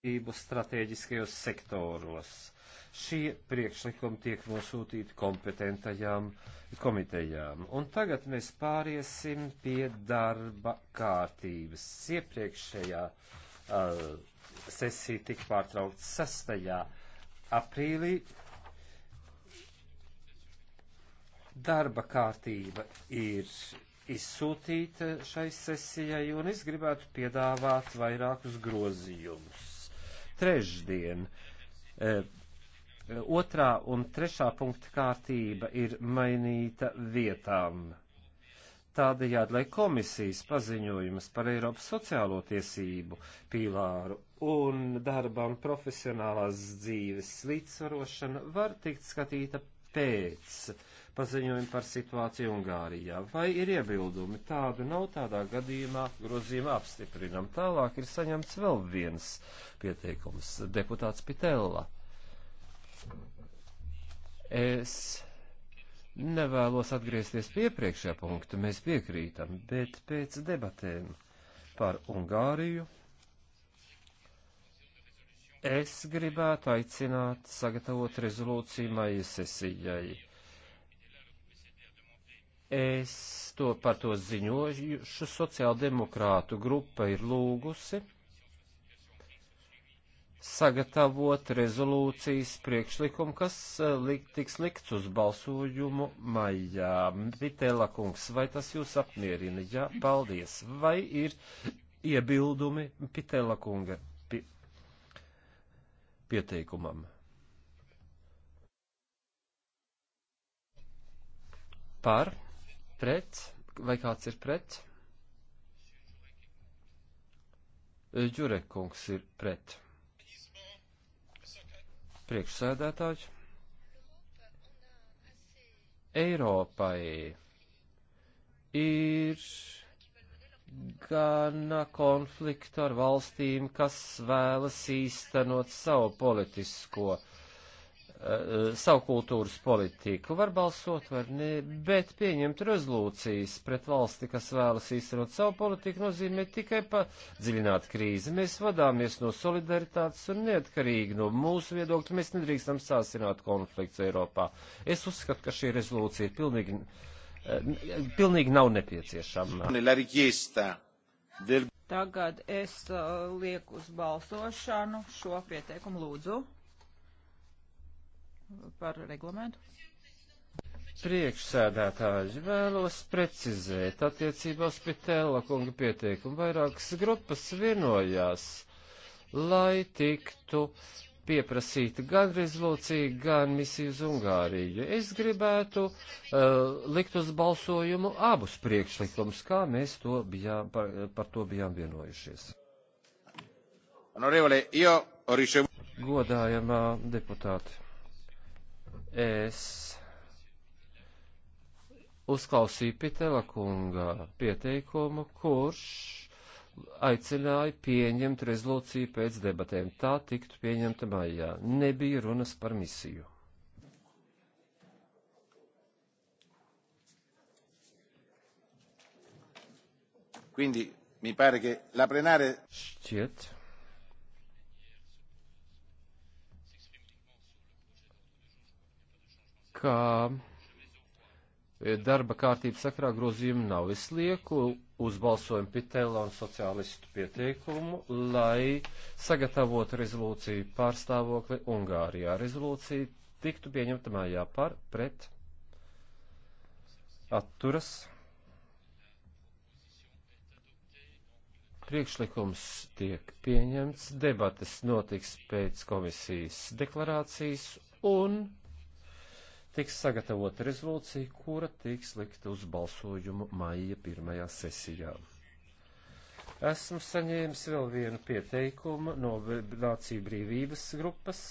attīstību strateģiskajos sektoros. Šie priekšlikumi tiek nosūtīti kompetentajām komitejām. Un tagad mēs pāriesim pie darba kārtības. Iepriekšējā uh, sesija tika pārtraukta 6. aprīlī. Darba kārtība ir izsūtīta šai sesijai, un es gribētu piedāvāt vairākus grozījumus trešdien. Eh, otrā un trešā punkta kārtība ir mainīta vietām. Tādējādi, lai komisijas paziņojums par Eiropas sociālo tiesību pīlāru un darbam profesionālās dzīves līdzsvarošana var tikt skatīta pēc paziņojuma par situāciju Ungārijā. Vai ir iebildumi? Tādu nav tādā gadījumā grozījuma apstiprinam. Tālāk ir saņemts vēl viens pieteikums - deputāts Pitella. Es nevēlos atgriezties pie priekšējā punkta, mēs piekrītam, bet pēc debatēm par Ungāriju Es gribētu aicināt sagatavot rezolūciju maija sesijai. Es to par to ziņošu, sociāldemokrātu grupa ir lūgusi sagatavot rezolūcijas priekšlikumu, kas eh, lik, tiks likts uz balsojumu maijā. Vitēla kungs, vai tas jūs apmierina? Jā, paldies. Vai ir iebildumi Pitēla kunga? Pi pieteikumam. Par, pret, vai kāds ir pret? Ģurekungs e, ir pret. Priekšsēdētāji. Eiropai ir gana konfliktu ar valstīm, kas vēlas īstenot savu politisko, eh, savu kultūras politiku. Var balsot, var ne, bet pieņemt rezolūcijas pret valsti, kas vēlas īstenot savu politiku, nozīmē tikai padziļināt krīzi. Mēs vadāmies no solidaritātes un neatkarīgi no mūsu viedokļa. Mēs nedrīkstam sāsināt konflikts Eiropā. Es uzskatu, ka šī rezolūcija ir pilnīgi Eh, pilnīgi nav nepieciešama. Tagad es eh, lieku uz balsošanu šo pieteikumu lūdzu par reglamentu. Priekšsēdētāji vēlos precizēt attiecībās pie Tēla kunga pieteikumu. Vairākas grupas vienojās, lai tiktu uh, pieprasīta gan rezolūcija, gan misija uz Ungāriju. Es gribētu uh, likt uz balsojumu abus priekšlikumus, kā mēs to bijām, par, par to bijām vienojušies. Godājamā deputāte, es uzklausīju Pitela kunga pieteikumu, kurš aicināja pieņemt rezolūciju pēc debatēm. Tā tiktu pieņemta maijā. Nebija runas par misiju. Quindi, mi pare che la plenare... Šķiet. Kā darba kārtības sakrā grozījumu nav. Es lieku uz balsojumu Pitēla un sociālistu pieteikumu, lai sagatavotu rezolūciju par stāvokli Ungārijā. Rezolūcija tiktu pieņemta mājā par pret atturas. Priekšlikums tiek pieņemts, debates notiks pēc komisijas deklarācijas un tiks sagatavota rezolūcija, kura tiks likta uz balsojumu maija pirmajā sesijā. Esmu saņēmis vēl vienu pieteikumu no Nāciju brīvības grupas.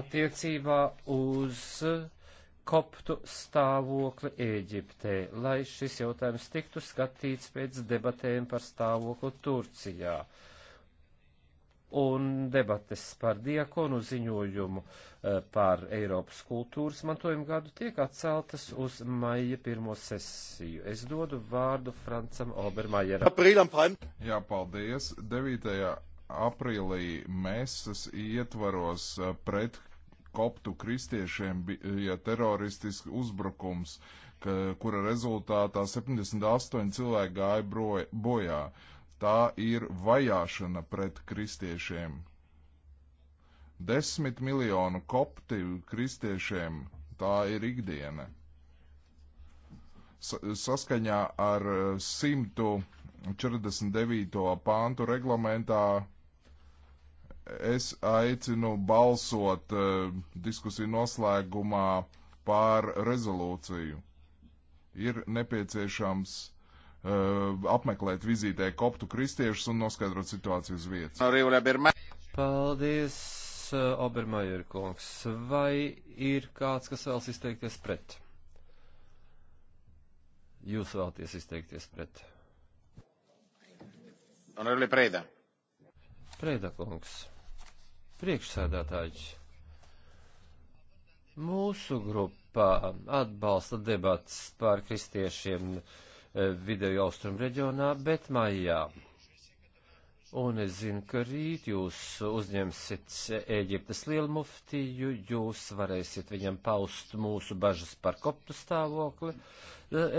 Attiecībā uz koptu stāvokli Ēģiptē, lai šis jautājums tiktu skatīts pēc debatēm par stāvokli Turcijā. Uh, un debates par diakonu ziņojumu eh, par Eiropas kultūras mantojumu gadu tiek atceltas uz maija pirmo sesiju. Es dodu vārdu Francam Obermajeram. Jā, paldies. 9. aprīlī mēsas ietvaros eh, pret koptu kristiešiem bija teroristisks uzbrukums, ka, kura rezultātā 78 cilvēki gāja bojā. Tā ir vajāšana pret kristiešiem. Desmit miljonu kopti kristiešiem tā ir ikdiena. Saskaņā ar 149. Eh, pāntu reglamentā es aicinu balsot uh, diskusiju noslēgumā pār rezolūciju. Ir nepieciešams Uh, apmeklēt vizītē koptu kristiešus un noskaidrot situāciju uz vietas. Paldies, uh, Obermajer kungs. Vai ir kāds, kas vēlas izteikties pret? Jūs vēlaties izteikties pret? Honorable Preda. Preda kungs. Priekšsēdētājs. Mūsu grupā atbalsta debats par kristiešiem. Uh, vidēju austrumu reģionā, bet maijā. Un es zinu, ka rīt jūs uzņemsiet Ēģiptes lielmuftiju, jūs varēsiet viņam paust mūsu bažas par koptu stāvokli.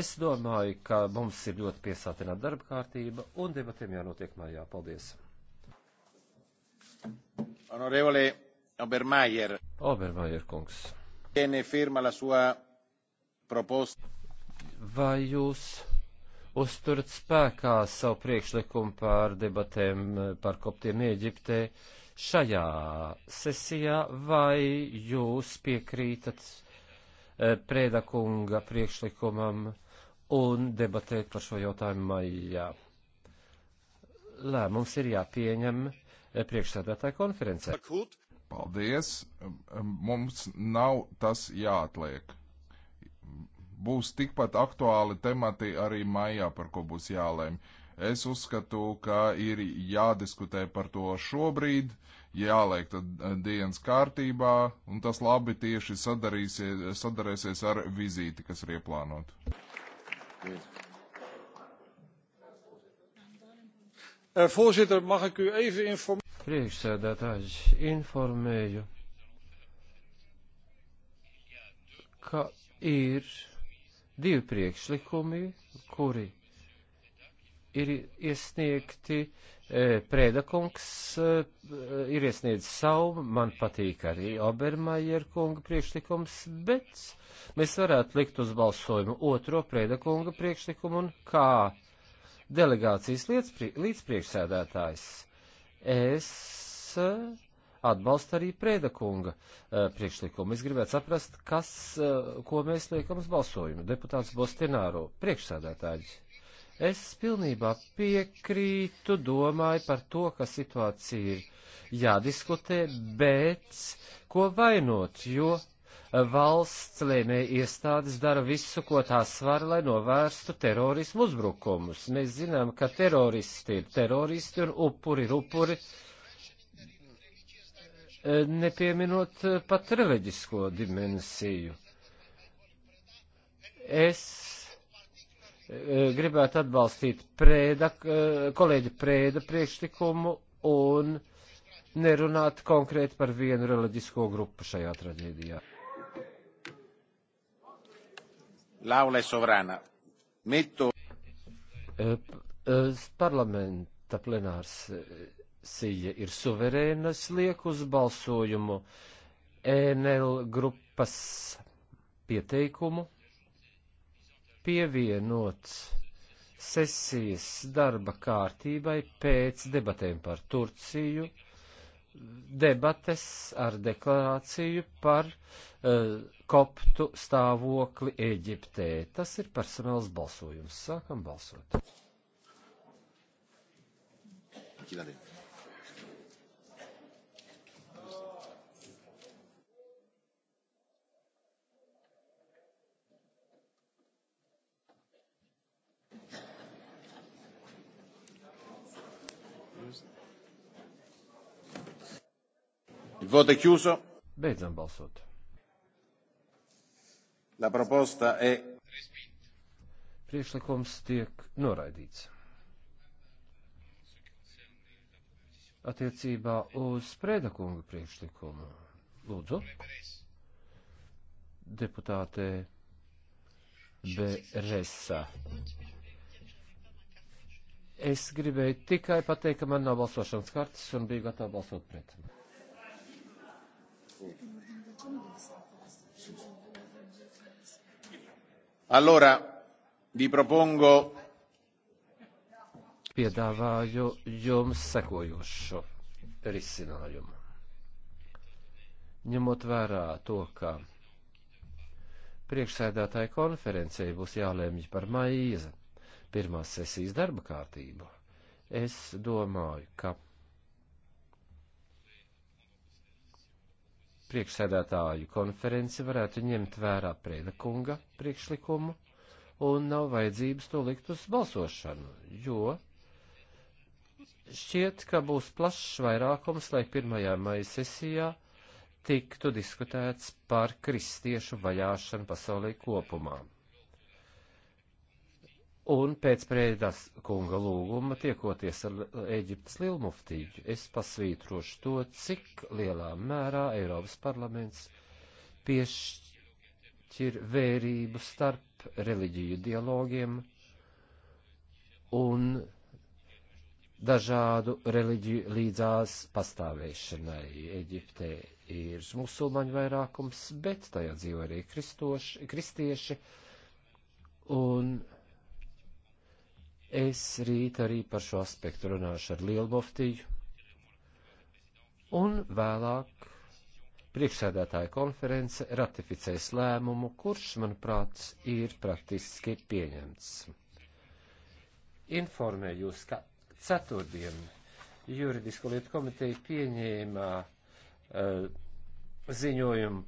Es domāju, ka mums ir ļoti piesātināta darba kārtība un debatiem jānotiek mājā. Paldies! Honorevole Obermaier. Obermaier kungs. Vai jūs uzturat spēkā savu priekšlikumu par debatēm eh, par koptiem Ēģiptē šajā sesijā, vai jūs piekrītat eh, Prēda kunga priekšlikumam un debatēt par šo jautājumu maijā? Lēmums ir jāpieņem eh, priekšsēdētāja konferencē. Paldies! Mums nav tas jāatliek būs tikpat aktuāli temati arī maijā, par ko būs jālēm. Es uzskatu, ka ir jādiskutē par to šobrīd, jāliek tad eh, dienas kārtībā, un tas labi tieši sadarēsies ar vizīti, kas ir ieplānot. Eh, voorzitter, mag ik u even informeren? Priekšsēdētājs informēju, ka ir divi priekšlikumi, kuri ir iesniegti. E, Prēdakungs e, ir iesniedzis savu, man patīk arī Obermajer kunga priekšlikums, bet mēs varētu likt uz balsojumu otro Prēdakunga priekšlikumu un kā delegācijas līdzpriekšsēdētājs. Es atbalsta arī Prēda kunga uh, priekšlikumu. Es gribētu saprast, kas, uh, ko mēs liekam uz balsojumu. Deputāts Bostināro, priekšsēdētāji. Es pilnībā piekrītu, domāju par to, ka situācija ir jādiskutē, bet ko vainot, jo eh, valsts lēmēja iestādes dara visu, ko tās var, lai novērstu terorismu uzbrukumus. Mēs zinām, ka teroristi ir teroristi un upuri ir upuri. Uh, nepieminot eh, pat reliģisko dimensiju. Es eh, gribētu atbalstīt prēda, eh, kolēģi prēda priekšlikumu un nerunāt konkrēti par vienu reliģisko grupu šajā traģēdijā. L'aula è e sovrana. Metto... Parlamenta plenārs komisija ir suverēna, liek uz balsojumu ENL grupas pieteikumu pievienot sesijas darba kārtībai pēc debatēm par Turciju debates ar deklarāciju par uh, koptu stāvokli Eģiptē. Tas ir personāls balsojums. Sākam balsot. Ķilādien. Il voto è chiuso. Beidzam balsot. La proposta è. Priekšlikums tiek noraidīts. Attiecībā uz Sprēda kunga priekšlikumu. Lūdzu. Deputāte Beresa. Es gribēju tikai pateikt, ka man nav balsošanas kartes un biju gatava balsot pret. Allora, vi propongo. Piedāvāju jums sekojošu risinājumu. Ņemot vērā to, ka priekšsēdētāja konferencei būs jālēmj par maīza pirmās sesijas darba kārtību. Es domāju, ka priekšsēdētāju konferenci varētu ņemt vērā Prēda kunga priekšlikumu un nav vajadzības to likt uz balsošanu, jo šķiet, ka būs plašs vairākums, lai pirmajā maija sesijā tiktu diskutēts par kristiešu vajāšanu pasaulē kopumā. Un pēc prēdas kunga lūguma tiekoties ar Eģiptes lielmuftīģu, es pasvītrošu to, cik lielā mērā Eiropas parlaments piešķir vērību starp reliģiju dialogiem un dažādu reliģiju līdzās pastāvēšanai. Eģiptē ir musulmaņu vairākums, bet tajā dzīvo arī kristoši, kristieši. Un Es rīt arī par šo aspektu runāšu ar Lielboftiju. Un vēlāk priekšsēdētāja konference ratificēs lēmumu, kurš, manuprāt, ir praktiski pieņemts. Informēju jūs, ka ceturtdien juridisko lietu komiteja pieņēma uh, eh, ziņojumu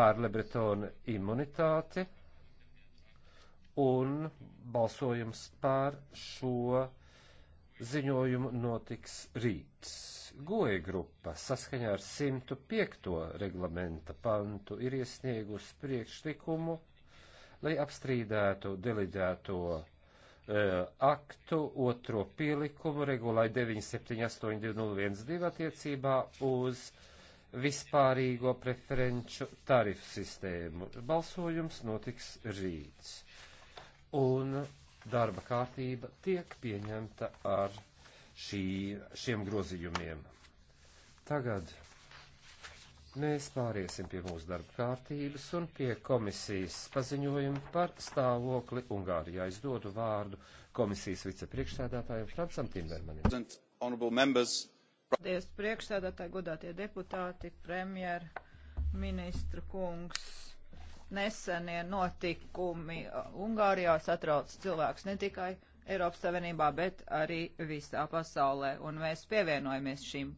pār Lebretona imunitāti un balsojums par šo ziņojumu notiks rīts. Goja grupa saskaņā ar 105. reglamenta pantu ir iesniegusi priekšlikumu, lai apstrīdētu deliģēto uh, e, aktu otro pielikumu regulai 9782012 attiecībā uz vispārīgo preferenču tarifu sistēmu. Balsojums notiks rīts un darba kārtība tiek pieņemta ar šī, šiem grozījumiem. Tagad mēs pāriesim pie mūsu darba kārtības un pie komisijas paziņojuma par stāvokli Ungārijā. Es dodu vārdu komisijas vicepriekšsēdētājiem Francam Timbermanim. Paldies priekšsēdētāji, godātie deputāti, premjer, ministru kungs Nesenie notikumi Ungārijā satrauc cilvēkus ne tikai Eiropas Savienībā, bet arī visā pasaulē, un mēs pievienojamies šīm